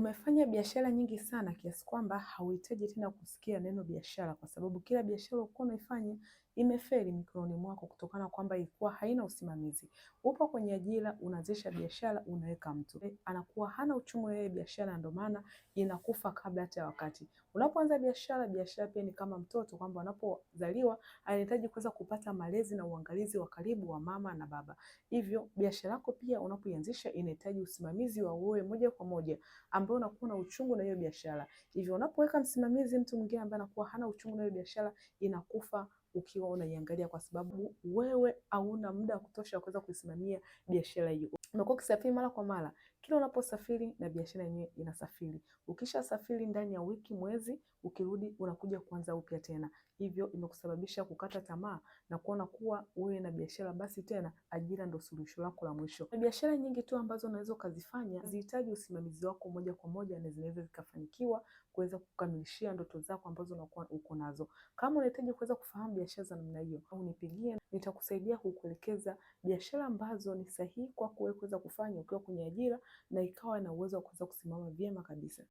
Umefanya biashara nyingi sana kiasi kwamba hauhitaji tena kusikia neno biashara kwa sababu kila biashara ulikuwa unaifanya imefeli mikononi mwako kutokana kwamba ilikuwa haina usimamizi. Upo kwenye ajira, unaanzisha biashara, unaweka mtu e, anakuwa hana uchumi wewe biashara, ndio maana inakufa kabla hata ya wakati. Unapoanza biashara, biashara pia ni kama mtoto kwamba unapozaliwa anahitaji kuweza kupata malezi na uangalizi wa karibu wa mama na baba. Hivyo biashara yako pia unapoianzisha inahitaji usimamizi wa wewe moja kwa moja, ambao unakuwa na uchungu na hiyo biashara. Hivyo unapoweka msimamizi, mtu mwingine ambaye anakuwa hana uchungu na hiyo biashara, inakufa ukiwa unaiangalia, kwa sababu wewe hauna muda wa kutosha wa kuweza kuisimamia biashara hiyo. Umekuwa ukisafiri mara kwa mara, kila unaposafiri na biashara yenyewe inasafiri. safiri ndani ya wiki, mwezi, ukirudi unakuja kuanza upya tena, hivyo imekusababisha kukata tamaa na kuona kuwa wewe na biashara basi tena ajira ndo suluhisho lako la mwisho. Na biashara nyingi tu ambazo unaweza ukazifanya zihitaji usimamizi wako moja kwa moja, na zinaweza zikafanikiwa kuweza kukamilishia ndoto zako ambazo unakuwa uko nazo. Kama unahitaji kuweza kufahamu biashara za namna hiyo, au nipigie, nitakusaidia kukuelekeza biashara ambazo ni sahihi kwako wewe kuweza kufanya ukiwa kwenye ajira na ikawa na uwezo wa kuweza kusimama vyema kabisa.